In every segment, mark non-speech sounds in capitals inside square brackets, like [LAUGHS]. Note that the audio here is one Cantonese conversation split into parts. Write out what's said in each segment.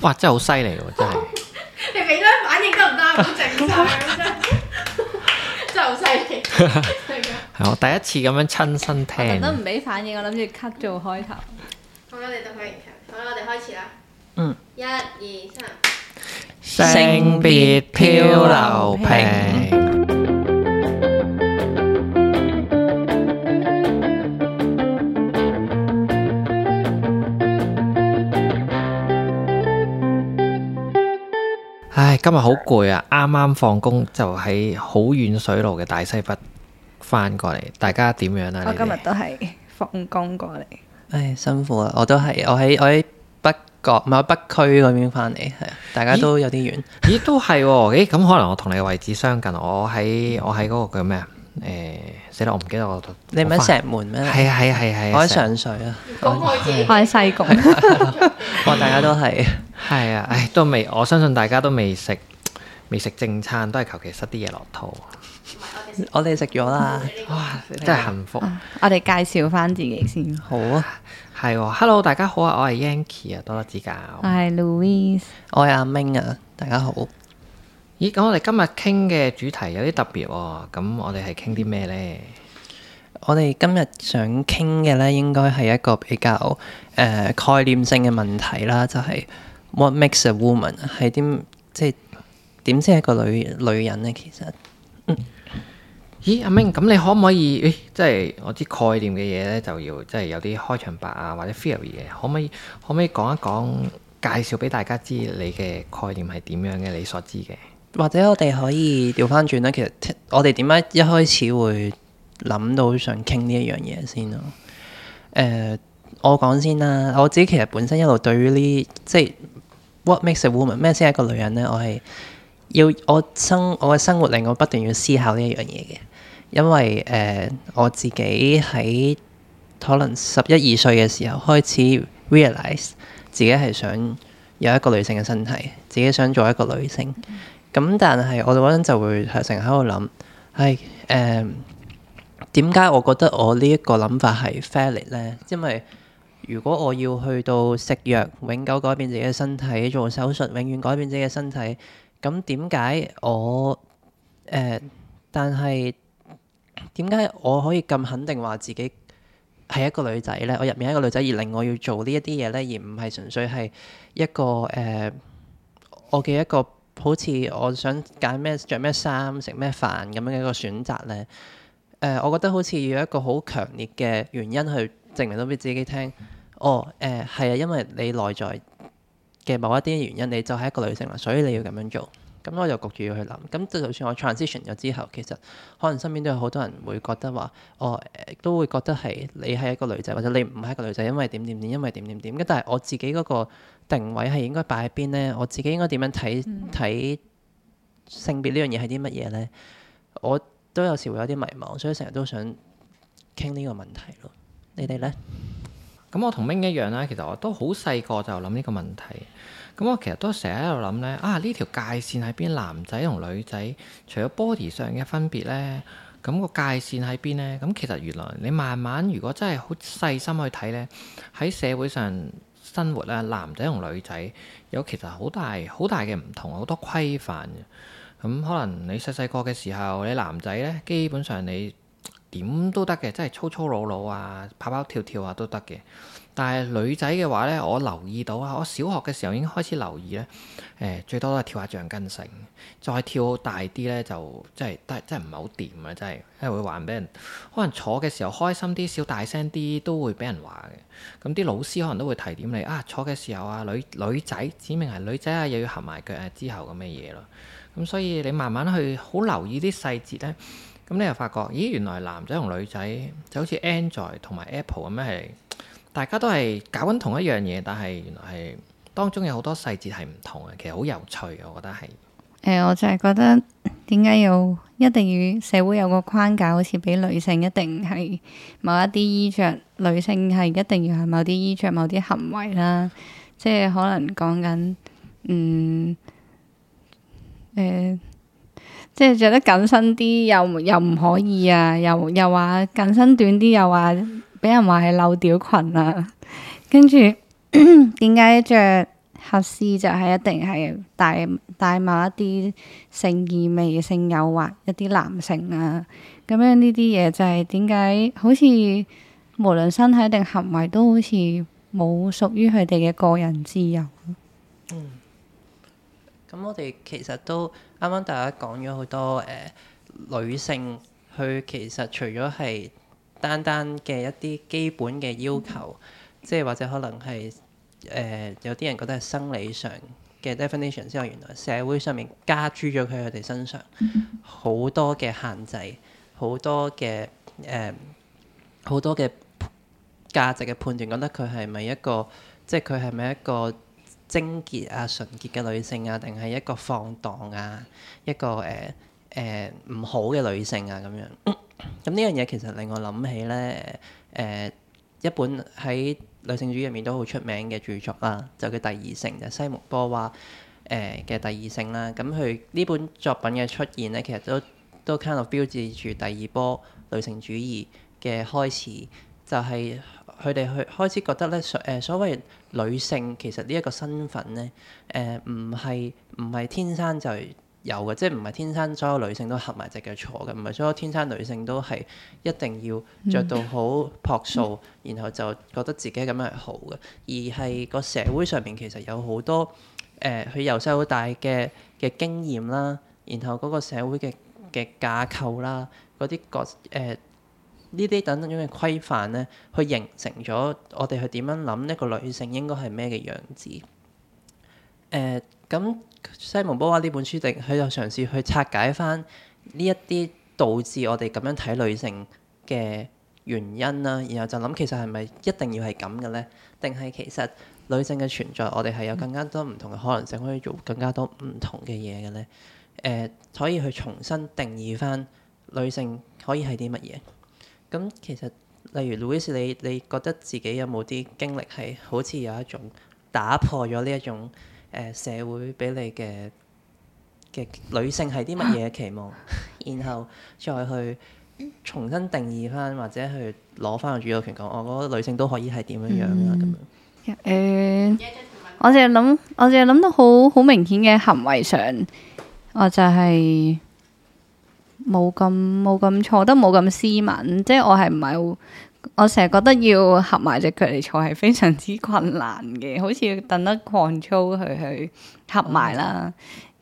哇！真係好犀利喎，真係 [LAUGHS] 你俾啲反應得唔得好正常， [LAUGHS] [LAUGHS] 真係好犀利，係 [LAUGHS] 我第一次咁樣親身聽， [LAUGHS] 我都唔俾反應，我諗住 cut 做開頭。好啦，你做反應，好啦，我哋開始啦。嗯，一二三，性別漂流瓶。今日好攰啊！啱啱放工就喺好遠水路嘅大西北翻過嚟，大家點樣呢、啊？我今日都係放工過嚟，唉、哎，辛苦啊！我都係，我喺我喺北角，唔係北區嗰邊翻嚟，係啊，大家都有啲遠咦，咦，都係、哦，咦，咁可能我同你位置相近，我喺我喺嗰個叫咩啊？誒、呃。死，我唔記得我度，你唔係石門咩？係啊係啊係啊，我喺上水啊。講開先，我喺西貢。我大家都係，係啊，唉，都未，我相信大家都未食，未食正餐，都係求其塞啲嘢落肚。我哋食咗啦，哇，真係幸福。我哋介紹翻自己先。好啊，係，Hello，大家好啊，我係 Yankee 啊，多多指教。我係 Louis，我係阿 Ming 啊，大家好。咦，咁我哋今日傾嘅主題有啲特別喎、哦，咁我哋係傾啲咩呢？我哋今日想傾嘅呢，應該係一個比較誒、呃、概念性嘅問題啦，就係、是、What makes a woman？係啲即係點先係一個女女人呢？其實，嗯、咦，阿明，咁你可唔可以？誒，即係我知概念嘅嘢呢，就要即係有啲開場白啊，或者 feel 嘅嘢，可唔可以？可唔可以講一講，介紹俾大家知你嘅概念係點樣嘅？你所知嘅？或者我哋可以調翻轉咧。其實我哋點解一開始會諗到想傾呢一樣嘢先咯？誒、呃，我講先啦。我自己其實本身一路對於呢即係 What makes a woman 咩先係一個女人呢？我係要我生，我嘅生活令我不斷要思考呢一樣嘢嘅，因為誒、呃、我自己喺可能十一二歲嘅時候開始 realize 自己係想有一個女性嘅身體，自己想做一個女性。咁但係我哋嗰陣就會成日喺度諗，係誒，點解我覺得我呢一個諗法係 fail 咧？因為如果我要去到食藥，永久改變自己嘅身體，做手術，永遠改變自己嘅身體，咁點解我誒、呃？但係點解我可以咁肯定話自己係一個女仔咧？我入面係一個女仔，而令我要做呢一啲嘢，咧，而唔係純粹係一個誒我嘅一個。呃好似我想揀咩着咩衫、食咩飯咁樣嘅一個選擇咧。誒、呃，我覺得好似要一個好強烈嘅原因去證明到俾自己聽。哦，誒、呃，係啊，因為你內在嘅某一啲原因，你就係一個女性啦，所以你要咁樣做。咁我就焗住要去諗。咁就算我 transition 咗之後，其實可能身邊都有好多人會覺得話，哦、呃，都會覺得係你係一個女仔，或者你唔係一個女仔，因為點點點，因為點點點。咁但係我自己嗰、那個定位係應該擺喺邊呢？我自己應該點樣睇睇性別呢樣嘢係啲乜嘢呢？我都有時會有啲迷茫，所以成日都想傾呢個問題咯。你哋呢？咁我同 Ming 一樣啦，其實我都好細個就諗呢個問題。咁我其實都成日喺度諗呢：啊呢條界線喺邊？男仔同女仔除咗 body 上嘅分別呢？咁個界線喺邊呢？咁、那個、其實原來你慢慢如果真係好細心去睇呢，喺社會上。生活咧，男仔同女仔有其實好大好大嘅唔同，好多規範嘅。咁、嗯、可能你細細個嘅時候，你男仔咧，基本上你點都得嘅，即係粗粗魯魯啊、跑跑跳跳啊都得嘅。但係女仔嘅話咧，我留意到啊，我小學嘅時候已經開始留意咧。誒，最多都係跳下橡筋繩，再跳大啲咧就即係都係真係唔係好掂啊！真係係會話人俾人，可能坐嘅時候開心啲，笑大聲啲都會俾人話嘅。咁啲老師可能都會提點你啊，坐嘅時候啊，女女仔指明係女仔啊，又要合埋腳啊，之後咁嘅嘢咯。咁所以你慢慢去好留意啲細節咧，咁你又發覺咦，原來男仔同女仔就好似 Android 同埋 Apple 咁樣係。大家都係搞緊同一樣嘢，但係原來係當中有好多細節係唔同嘅，其實好有趣嘅，我覺得係。誒、呃，我就係覺得，點解要一定要社會有個框架，好似俾女性一定係某一啲衣着，女性係一定要係某啲衣着，某啲行為啦。即係可能講緊，嗯，誒、呃，即係着得緊身啲又又唔可以啊，又又話緊身短啲又話。嗯俾人話係漏屌裙啊！跟住點解着黑絲就係一定係大大碼一啲性意味、性誘惑一啲男性啊？咁樣呢啲嘢就係點解好似無論身體定行為都好似冇屬於佢哋嘅個人自由咯？嗯，咁我哋其實都啱啱大家講咗好多誒、呃、女性，佢其實除咗係單單嘅一啲基本嘅要求，即係或者可能係誒、呃、有啲人覺得係生理上嘅 definition，之後原來社會上面加諸咗佢佢哋身上好多嘅限制，好多嘅誒，好、呃、多嘅價值嘅判斷，覺得佢係咪一個，即係佢係咪一個貞潔啊純潔嘅女性啊，定係一個放蕩啊，一個誒誒唔好嘅女性啊咁樣。咁呢樣嘢其實令我諗起咧，誒、呃、一本喺女性主義入面都好出名嘅著作啦，就叫《第二性》，就係、西蒙波娃誒嘅《呃、第二性》啦，嗯。咁佢呢本作品嘅出現咧，其實都都 kind of 標誌住第二波女性主義嘅開始，就係佢哋去開始覺得咧所、呃、所謂女性其實呢一個身份咧誒唔係唔係天生就係。有嘅，即係唔係天生所有女性都合埋隻腳坐嘅，唔係所有天生女性都係一定要着到好樸素，嗯、然後就覺得自己咁樣係好嘅，而係個社會上面其實有好多誒，佢由細到大嘅嘅經驗啦，然後嗰個社會嘅嘅架構啦，嗰啲各誒呢啲等等種嘅規範咧，去形成咗我哋去點樣諗一個女性應該係咩嘅樣子誒。呃咁西蒙波娃呢本書，定佢就嘗試去拆解翻呢一啲導致我哋咁樣睇女性嘅原因啦。然後就諗，其實係咪一定要係咁嘅咧？定係其實女性嘅存在，我哋係有更加多唔同嘅可能性，可以做更加多唔同嘅嘢嘅咧？誒、呃，可以去重新定義翻女性可以係啲乜嘢？咁其實，例如 Louis，你你覺得自己有冇啲經歷係好似有一種打破咗呢一種，誒，社會俾你嘅嘅女性係啲乜嘢期望，蛤然後再去重新定義翻或者去攞翻個主導權講、哦那個，我覺得女性都可以係點樣樣啊咁樣。誒，我淨係諗，我淨係諗到好好明顯嘅行為上，我就係冇咁冇咁錯，都冇咁斯文，即係我係唔係好。我成日覺得要合埋隻腳嚟坐係非常之困難嘅，好似要等得狂操去去合埋啦。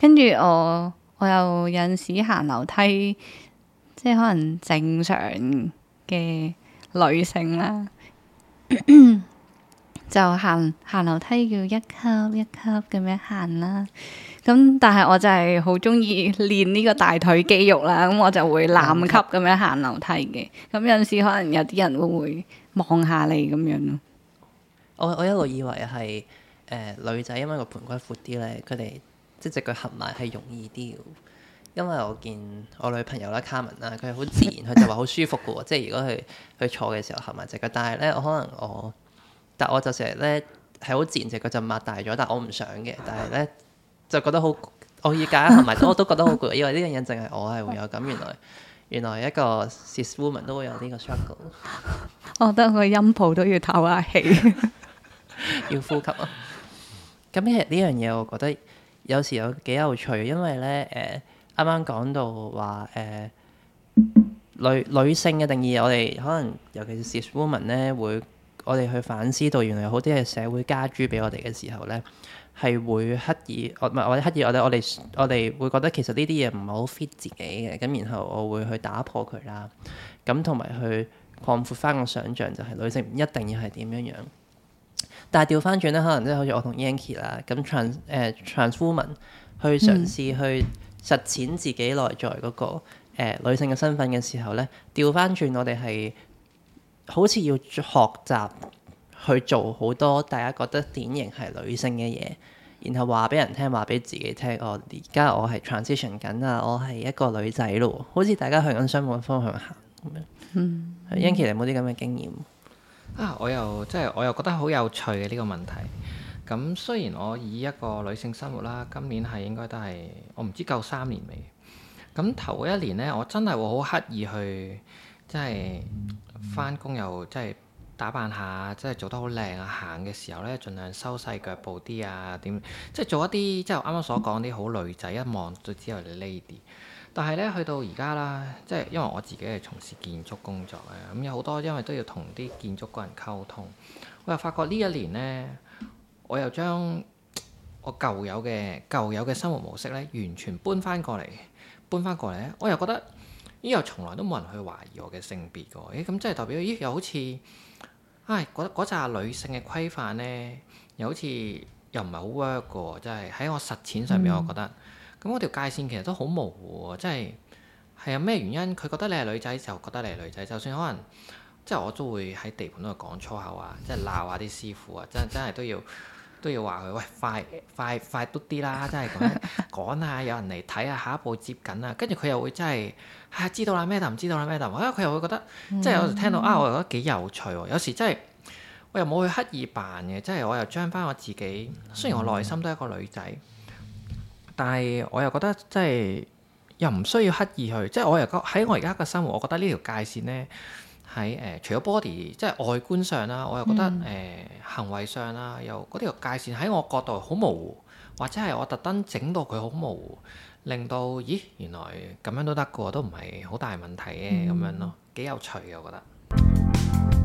跟住我我又有陣時行樓梯，即係可能正常嘅女性啦， [COUGHS] 就行行樓梯要一級一級咁樣行啦。咁但係我就係好中意練呢個大腿肌肉啦，咁我就會難級咁男級 樣行樓梯嘅。咁、嗯、有陣時可能有啲人會會望下你咁樣咯。我我一路以為係誒、呃、女仔，因為個盤骨闊啲咧，佢哋即係隻腳合埋係容易啲。因為我見我女朋友啦，Carmen 啦，佢好自然，佢 [LAUGHS] 就話好舒服嘅喎。即係如果佢佢坐嘅時候合埋隻腳，但係咧我可能我但我就成日咧係好自然隻腳就擘大咗，但我唔想嘅，但係咧。就覺得好，我理解，同埋我都覺得好攰。因為呢樣嘢淨係我係會有咁，原來原來一個 cis woman 都會有呢個 struggle。我覺得我音譜都要唞下氣， [LAUGHS] 要呼吸啊！咁其實呢樣嘢，我覺得有時有幾有趣，因為咧誒，啱啱講到話誒、呃、女女性嘅定義，我哋可能尤其是 cis woman 咧，會我哋去反思到原來有好啲嘅社會加諸俾我哋嘅時候咧。係會刻意，我唔係我哋刻意我，我哋我哋我哋會覺得其實呢啲嘢唔係好 fit 自己嘅，咁然後我會去打破佢啦，咁同埋去擴闊翻個想像，就係女性唔一定要係點樣樣。但係調翻轉咧，可能即係好似我同 Yankie 啦，咁 Trans 誒 Transwoman 去嘗試去實踐自己內在嗰、嗰個、呃、女性嘅身份嘅時候咧，調翻轉我哋係好似要學習，去做好多大家覺得典型係女性嘅嘢，然後話俾人聽，話俾自己聽，我而家我係 transition 緊啊，我係一個女仔咯，好似大家向緊相反方向行咁樣。英奇你冇啲咁嘅經驗啊？我又即係、即係、我又覺得好有趣嘅、啊、呢、呢個問題。咁雖然我以一個女性生活啦、啊，今年係應該都係我唔知夠三年未。咁頭一年呢，我真係會好刻意去，即係翻工又即係。真打扮下，即係做得好靚啊！行嘅時候呢，盡量收細腳步啲啊！點即係做一啲即係我啱啱所講啲好女仔，一望就知道你 lady。但係呢，去到而家啦，即係因為我自己係從事建築工作嘅，咁有好多因為都要同啲建築工人溝通，我又發覺呢一年呢，我又將我舊有嘅舊有嘅生活模式呢，完全搬翻過嚟，搬翻過嚟呢，我又覺得咦，又從來都冇人去懷疑我嘅性別喎，咁、欸、即係代表咦、呃，又好似～啊，覺得嗰陣女性嘅規範咧，又好似又唔係好 work 嘅，即係喺我實踐上面，嗯、我覺得咁嗰條界線其實都好模糊啊！即係係有咩原因？佢覺得你係女仔就覺得你係女仔，就算可能即係、就是、我都會喺地盤度講粗口啊，即係鬧下啲師傅啊，真真係都要。 [LAUGHS] 都要話佢喂，快快快嘟啲啦！真係趕趕啊，有人嚟睇下下一步接緊啊，跟住佢又會真係嚇、哎、知道啦咩 d 唔知道啦咩 data，佢又會覺得、嗯、即係有時聽到啊，我又覺得幾有趣喎。有時真係我又冇去刻意扮嘅，即係我又將翻我自己。雖然我內心都係個女仔，嗯、但係我又覺得即係又唔需要刻意去。即、就、係、是、我又覺喺我而家嘅生活，我覺得呢條界線呢。喺誒、呃、除咗 body 即係外觀上啦，我又覺得誒、嗯呃、行為上啦，又嗰條界線喺我角度好模糊，或者係我特登整到佢好模糊，令到咦原來咁樣都得嘅，都唔係好大問題嘅咁、嗯、樣咯，幾有趣嘅我覺得。嗯